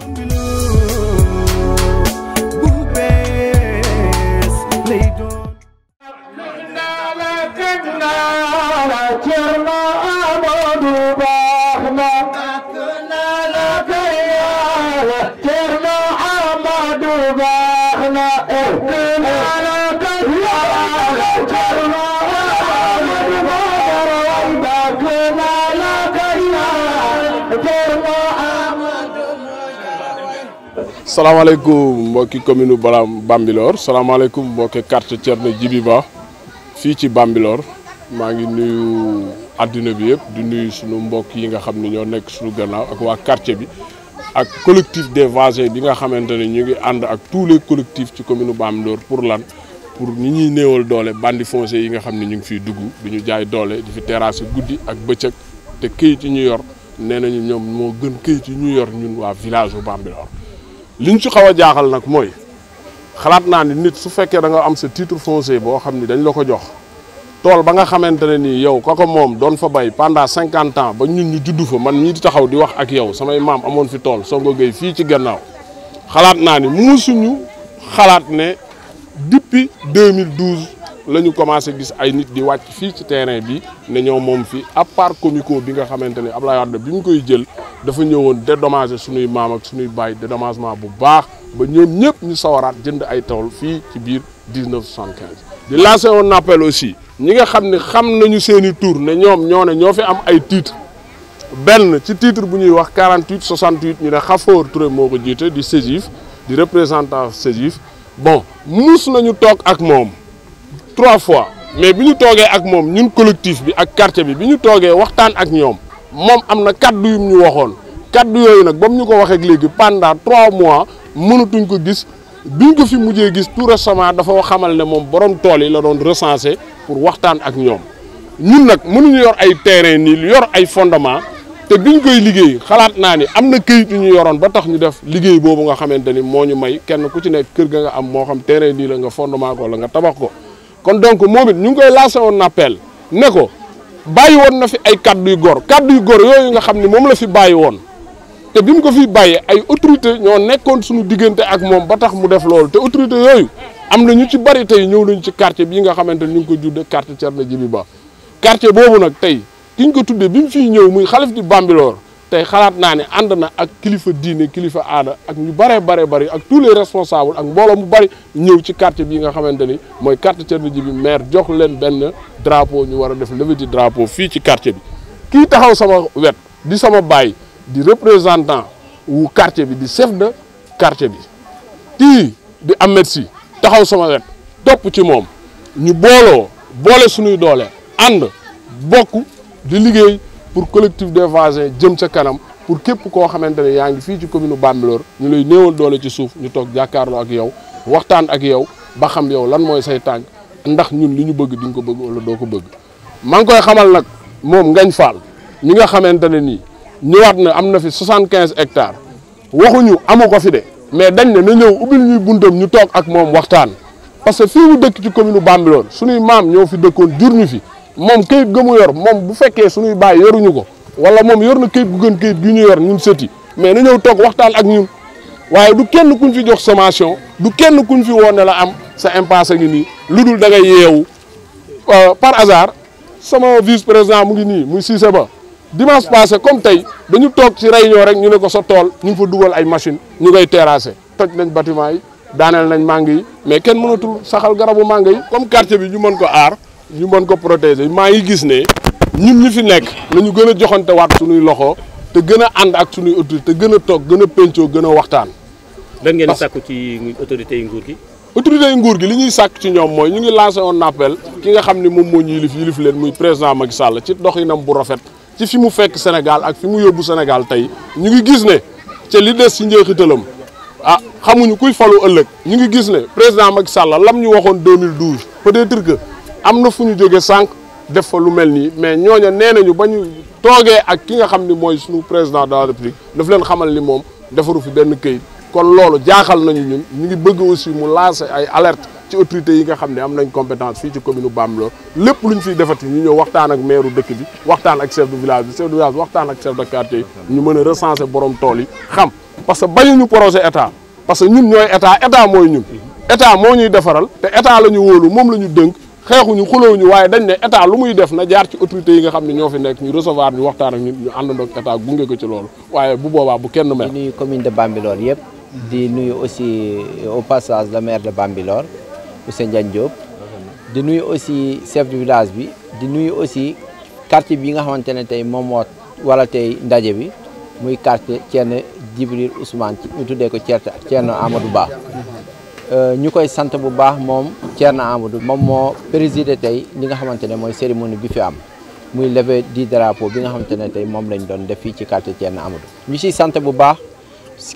Unbelievable. salaamaaleykum mbokki commune u bambiloor Bambilor salaamaaleykum mbokki quartier Thierno Djiby Ba fii ci bambiloor maa ngi nuyu àddina bi yëpp di nuyu suñu mbokk yi nga xam ni ñoo nekk suñu gannaaw ak waa quartier bi ak collectif des vangers bi nga xamante ne ñu ngi ànd ak tous les collectifs ci commune u pour lan pour ñi ñuy néewal doole bandi foncé yi nga xam ni ñu ngi fiy dugg di ñu jaay doole di fi terrasse guddi ak bëcëg te këyit yi ñu yor nee nañu ñoom moo gën këyit yi ñu yor ñun waa village u Bambilor liñ ci xawa jaaxal nak moy xalaat na ni nit su fekke da nga am ce titre foncier bo xamni dañ la ko jox tol ba nga xamantene ni yow koko mom don fa bay pendant 50 ans ba ñun ñu juddu fa man ñi di taxaw di wax ak yow sama imam amon fi tol Songo Gueye fi ci gannaaw xalaat na ni musuñu xalaat ne depuis 2012 lañu commencé gis ay nit di wacc fi ci terrain bi ne ñoo mom fi à part comico bi nga xamantene ablaye Wade bi mu koy jël dafa ñëwoon dédommager suñuy maam ak suñuy baay dédommagement bu baax ba ñoom ñëpp ñu sawaraat jënd ay tool fii ci biir 1975. di lancé un appel aussi ñi nga xam ne xam nañu seeni tour tur ne ñoom ñoo ne ñoo fi am ay titre benn ci titre bu ñuy wax 48 68 ñu ne Khafor Touré moo ko jiite di Segif di représentant Segif bon mus nañu toog ak moom trois fois mais bi ñu toogee ak moom ñun collectif bi ak quartier bi bi ñu toogee waxtaan ak ñoom. moom am na kaddu yu ñu waxoon kàddu yooyu nag ba mu ñu ko waxee léegi pendant trois mois mënatuñ ko gis biñ ko fi mujjee gis tout récemment dafa xamal ne moom borom tool yi la doon recenser pour waxtaan ak ñoom ñun nag mënuñu yor ay terrain nii yor ay fondement te biñ koy liggéey xalaat naa ni am na këyit yu ñu yoroon ba tax ñu def liggéey boobu nga xamante ni moo ñu may kenn ku ci nekk kër ga nga am moo xam terrain nii la nga fondement ko nga tabax ko kon donc moom it ñu ngi koy lancé woon appel ne ko bàyyi woon na fi ay kàddu yu góor kàddu yu góor yooyu nga xam ne moom la fi bàyyi woon te bi mu ko fi bàyyi ay autorité ñoo nekkoon suñu diggante ak moom ba tax mu def loolu te autorité yooyu am na ñu ci bari tey ñëw nañu ci quartier bii nga xamante ni ñu ngi ko judde quartier Thierno Djiby Ba quartier boobu nag tey ki ñu ko tuddee bi mu fiy ñëw muy xalif di Bambilor tey xalaat naa ne ànd na ak kilifa diine kilifa aada ak ñu bare bare bari ak tous les responsables ak mbooloo mu bari ñëw ci quartier bi nga xamante ni mooy quartier Thierno Djiby maire jox leen benn drapeau ñu war a def levée du drapeau fii ci quartier bi kii taxaw sama wet di sama baay di représentant wu quartier bi di chef de quartier bi tii di Ahmed Sy taxaw sama wet topp ci moom ñu booloo boole suñuy doole ànd bokk di liggéey pour collectif des voisins jëm ca kanam pour képp koo xamante ne yaa ngi fii ci commune Bambilor ñu lay néewal doole ci suuf ñu toog jàkkaarloo ak yow waxtaan ak yow ba xam yow lan mooy say ndax ñun li ñu bëgg duñ ko bëgg wala do ko bëgg maa ngi koy xamal nak mom ngañ Fall mi nga xamantene ni nii ñëwaat na am na fi 75 quinze hectares waxuñu amu ko fi de mais dañ ne na ñew ubbil ñuy buntam ñu tok ak mom waxtaan parce que fi mu dëkk ci commune Bambilor suñu mam ñoo fi dëkkoon jur fi mom kayit ga yor mom bu fekke suñuy bàyyi yoruñu ko wala mom yor na gu gën kayit gi ñu yor ñun sëti mais na ñew tok waxtaan ak ñun waye du kenn kuñ fi jox sommation du kenn kuñ fi woné la am sa impasse ngi ni lu da ngay yeewu euh, par hasard sama vice président mu ngi ni muy Cissé Ba dimanche passé comme tay dañu tok ci réunion rek ñu ne ko sa tol ñu fa duggal ay machine ñu ngay terrasser toj nañ bâtiment yi daaneel nañ mangi mais kenn mënatul saxal garabu mangi comme quartier bi ñu mën ko aar ñu mën ko protéger maa ngi gis ne ñun ñu fi nekk nañu gën a joxante waat suñuy loxo te gën a ànd ak suñuy autorité te gën a toog gën a péncoo gën a waxtaan. lan ngeen sàkku ci autorités yi nguur gi. autorités yi nguur gi li ñuy sàkk ci ñoom mooy ñu ngi lancé un appel ki nga xam ne moom moo ñu yilif yilif leen muy président Macky Sall ci nam bu rafet ci fi mu fekk Sénégal ak fi mu yóbbu Sénégal tey ñu ngi gis ne ca li des ci njeexitalam ah xamuñu kuy falu ëllëg ñu ngi gis ne président Macky Sall lam ñu waxoon 2012 peut-être que. am na fu ñu jógee sànq def fa lu mel nii mais ñooña nee nañu ba ñu toogee ak ki nga xam ni mooy suñu président de la république daf leen xamal ni moom defaru fi benn këyit kon loolu jaaxal nañu ñun ñu ngi bëgg aussi mu lancer ay alerte ci autorité yi nga xam ne am nañ compétence fii ci commune Bambilor lépp lu ñu fiy defati ñu ñëw waxtaan ak maire dëkk bi waxtaan ak chef de village bi chef de village waxtaan ak chef de quartier ñu mën a recenser borom tool yi xam parce que bañuñu projet état parce que ñun état état mooy ñun état moo ñuy defaral te la ñu wóolu moom la ñu dënk xeexuñu xulawuñu waaye dañ ne état lu muy def na jaar ci autorités yi nga xam ne ñoo fi nekk ñu recevoir ñu waxtaan ak ñu àndandoog état gunge ko ci loolu waaye bu boobaa bu kenn mel. di nuyu commune de Bambilor yëpp. di nuyu aussi au passage le maire de Bambilor monsieur Ndiagne Diop. di nuyu aussi chef du village bi. di nuyu aussi quartier bi nga xamante ne tey moom moo wala tey ndaje bi muy quartier Thierno Djibril Ousmane ñu tuddee ko Thierno Amadou Ba. Mm-hmm. Euh, ñu koy sant bu baax na Amadou moom moo présidé tey li nga xamante ne mooy cérémonie bi fi am muy levée du drapeau bi nga xamante ne tey moom lañu doon def fii ci quartier Thierno Amadou. ñu siy sant bu baax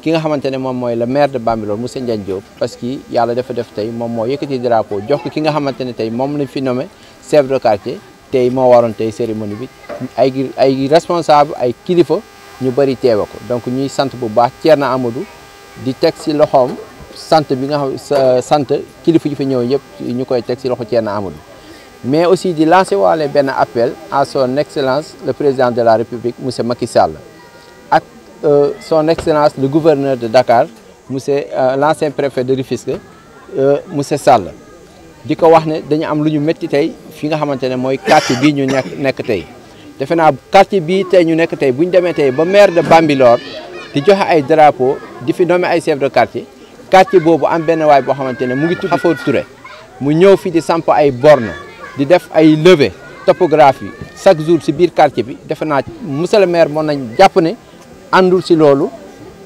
ki nga xamante ne moom mooy le maire de Bambilor monsieur Ndiagne Diop parce que yàlla dafa def tey moom moo yëkkati drapeau jox ko ki nga xamante ne tey moom lañ fi nommé chef de quartier tey moo waroon tey cérémonie bi ay ay responsable ay kilifa ñu bëri teewe ko donc ñuy sant bu baax na amadu di teg si loxoom. santé bi nga xam santé kilifa yi fa ñëw yépp ñukoy tek ci loxo Thierno amul mais aussi di lancer waale ben appel à son excellence le président de la république monsieur Macky Sall ak euh, son excellence le gouverneur de Dakar monsieur euh, l'ancien préfet de Rufisque euh, monsieur Sall diko wax ne dañu am luñu metti tay fi nga xamante ne quartier bi ñu nekk nekk tey quartier bi tay ñu nekk tay buñu démé tay ba maire de Bambilor di joxe ay drapeau di fi nommer ay chef de quartier quartier boobu am benn waaye boo xamante ne mu ngi tudd Xafoor Touré mu ñëw fi di samp ay borne di def ay levée topographie chaque jour si biir quartier bi defe naa monsieur le maire mën nañ jàpp ne àndul si loolu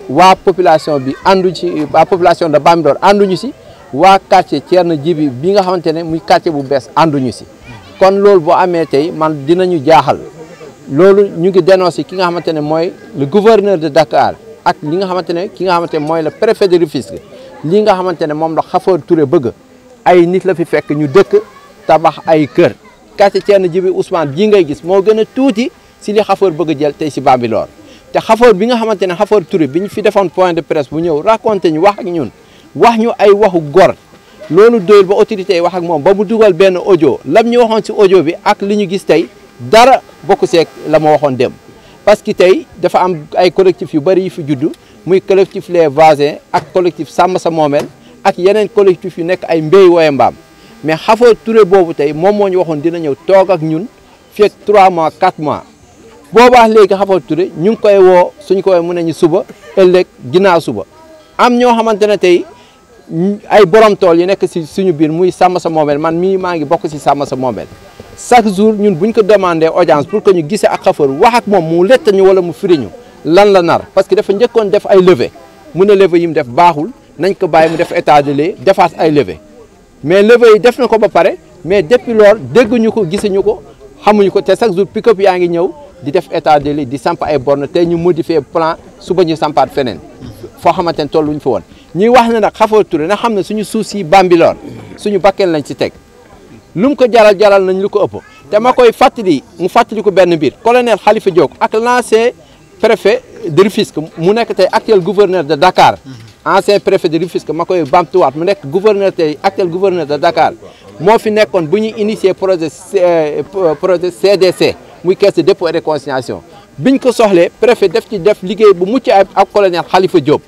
waa population bi àndu ci waa population de Bambilor ànduñu si waa quartier na Djibi bi nga xamante ne muy quartier bu bees ànduñu si kon loolu boo amee tey man dinañu jaaxal loolu ñu ngi dénoncé ki nga xamante ne mooy le gouverneur de Dakar ak li nga xamante ne ki nga xamante ne mooy le préfet de Rufisque lii nga xamante ne moom la xafoor Touré bëgg ay nit la fi fekk ñu dëkk tabax ay kër kase ceen jibi Ousmane ji ngay gis moo gën a tuuti si li Khafor bëgg jël tey si Bambilor te Khafor bi nga xamante ne Khafor Touré bi ñu fi defoon point de presse bu ñëw raconté ñu wax ak ñun wax ñu ay waxu gor loolu doyul ba autorité yi wax ak moom ba mu dugal benn ojo lam ñu waxoon si audio bi ak li ñu gis tey dara bokku seek la ma waxoon dem parce que tey dafa am ay collectif yu bëri yu fi judd muy collectif les voisins ak collectif sàmm sa moomeel ak yeneen collectif yu nekk ay mbéy wooye mbaam mais Xafoor Touré boobu tey moom moo ñu waxoon dina ñëw toog ak ñun fii ak 3 mois 4 mois boobaa léegi Xafoor Touré ñu ngi koy woo suñ ko woo mu ne ñu suba ëllëg gina suba am ñoo xamante ne tey ay borom tool yi nekk si suñu biir muy sàmm sa moomeel man mii maa ngi bokk si sàmm sa moomeel chaque jour ñun buñ ko demandé audience pour que ñu gisee ak Xafoor wax ak moom mu letta ñu wala mu firi ñu lan la nar parce que dafa njëkkoon def ay levée mu ne levée yi mu def baaxul nañ ko bàyyi mu def état de lieu defaat ay levée mais levée yi def na ko ba pare mais depuis lors dégguñu ko gisuñu ko xamuñu ko te chaque jour pick-up yaa ngi ñëw di def état de lieu di samp ay borne tey ñu modifier plan suba ñu sampaat feneen foo xamante ne tolluñ fi woon ñuy wax ne nag Khafor na xam ne suñu suuf si Bambilor suñu bakkeen lañ ci teg lu mu ko jaral jaral nañ lu ko ëpp te ma koy fàttali mu fàttali ko benn mbir colonel Khalifa Diop ak lancé préfet de Rufisque mu nek tay actuel gouverneur de Dakar mhm. ancien préfet de Rufisque ma koy bamtuwaat mu nek gouverneur tay actuel gouverneur de Dakar mo fi nekkoon buñu initier projet euh, projet CDC muy caisse de dépôt et de consignation biñ ko soxlé préfet def ci def liguey bu mucc ayib ak colonel Khalifa Diop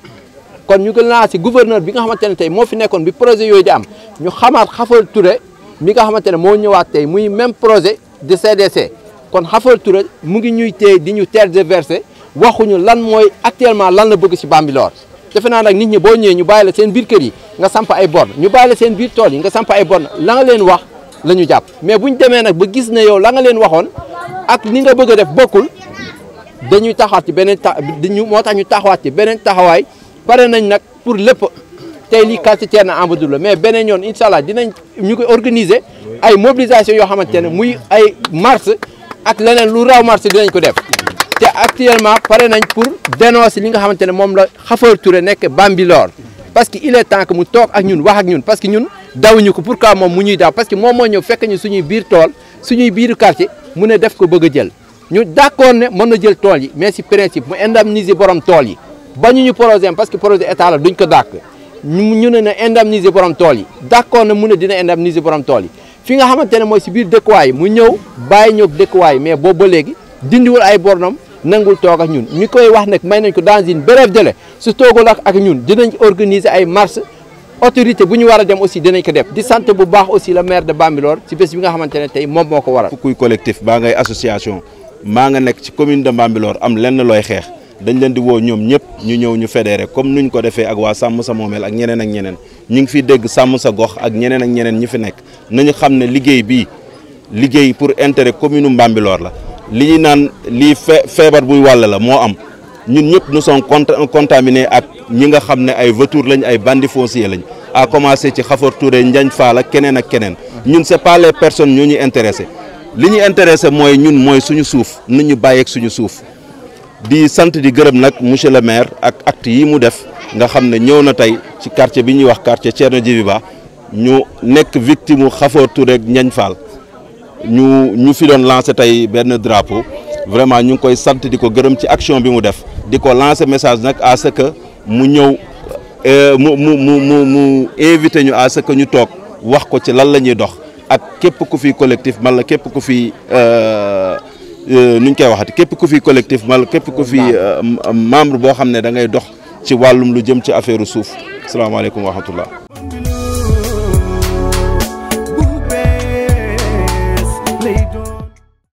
kon ñu gën naa gouverneur bi nga xamante tay mo fi nekkoon bi projet yoy di am ñu xamaat Xafal Touré mi nga xamante mo ñëwaat tay muy même projet de CDC kon Xafal Touré mu ngi ñuy téye di ñu verser. waxuñu lan mooy actuellement lan la bëgg ci Bambilor defe naa nag nit ñi boo ñëwee ñu bàyyi la seen biir kër yi nga samp ay borne ñu bàyyi la seen biir tool yi nga samp ay borne la nga leen wax la ñu jàpp mais bu ñu demee nag ba gis ne yow la nga leen waxoon ak ni nga bëgg a def bokkul dañuy taxawaat ci beneen ta dañu moo tax ñu taxawaat ci beneen taxawaay pare nañ nag pour lépp tey lii quartier Thierno Amadou la mais beneen yoon incha allah dinañ ñu koy organiser ay mobilisation yoo xamante ne muy ay marche ak leneen lu raw marche dinañ ko def te actuellement pare nañ pour dénoncer li nga xamante ne moom la Khafor Touré nekk Bambilor parce que il est temps mu toog ak ñun wax ak ñun parce que ñun dawuñu ko pour moom mu ñuy daaw parce que moom moo ñëw fekk ñu suñuy biir tool suñuy biir quartier mu ne def ko bëgg a jël ñu d'accord ne mën na jël tool yi mais si principe mu indemniser borom tool yi ba ñu ñu projet parce que projet état la duñ ko dàq ñu ne na indemniser borom tool yi d'accord ne mu ne dina indemniser borom tool yi fi nga xamante ne mooy si biir dëkkuwaay mu ñëw bàyyi ñëw dëkkuwaay mais boobu ba léegi dindiwul ay bornam nangul toog ak ñun ñu koy wax nag may nañ ko dans une brève délai su toogul ak ak ñun dinañ organiser ay marche autorité bu ñu war a dem aussi dinañ ko def di sant bu baax aussi le maire de Bambilor ci bés bi nga xamante ne tey moom moo ko waral. kuy collectif baa ngay association maa nga nekk ci commune de Bambilor am lenn looy xeex dañ leen di woo ñoom ñëpp ñu ñëw ñu fédéré comme ñu ko defee ak waa sàmm sa moomeel ak ñeneen ak ñeneen ñu ngi fiy dégg sàmm sa gox ak ñeneen ak ñeneen ñi fi nekk nañu xam ne liggéey bii liggéey pour intérêt commune Bambilor la. li ñu naan lii fee feebar buy wàll la moo am ñun ñëpp nous sommes contaminés ak ñi nga xam ne ay vautours lañ ay bandi fonciers lañ à commencer ci Xafoor Touré njañ Fall keneen ak keneen ñun c'est pas les personnes ñoo ñuy intéressé li ñu intéressé mooy ñun mooy suñu suuf nit ñu bàyyeeg suñu suuf di sant di gërëm nag monsieur le maire ak acte yi mu def nga xam ne ñëw na tey ci quartier bi ñuy wax quartier Thierno Djibi Ba ñu nekk victime mu Xafoor Touré ak Ndiagne ñu ñu fi doon lancé tey benn drapeau vraiment ñu ngi koy sant di ko gërëm ci action bi mu def di ko lancé message nag à que mu ñëw euh, mu mu mu invité ñu à ce ñu toog wax ko ci lan la ñuy dox ak képp ku fi collectif man képp ku fi euh, euh, nuñ koy waxati képp ku fi collectif man képp ku fi membre boo xam ne da ngay dox ci wàllum lu jëm ci affaire suuf asalaamaaleykum wa rahmatullah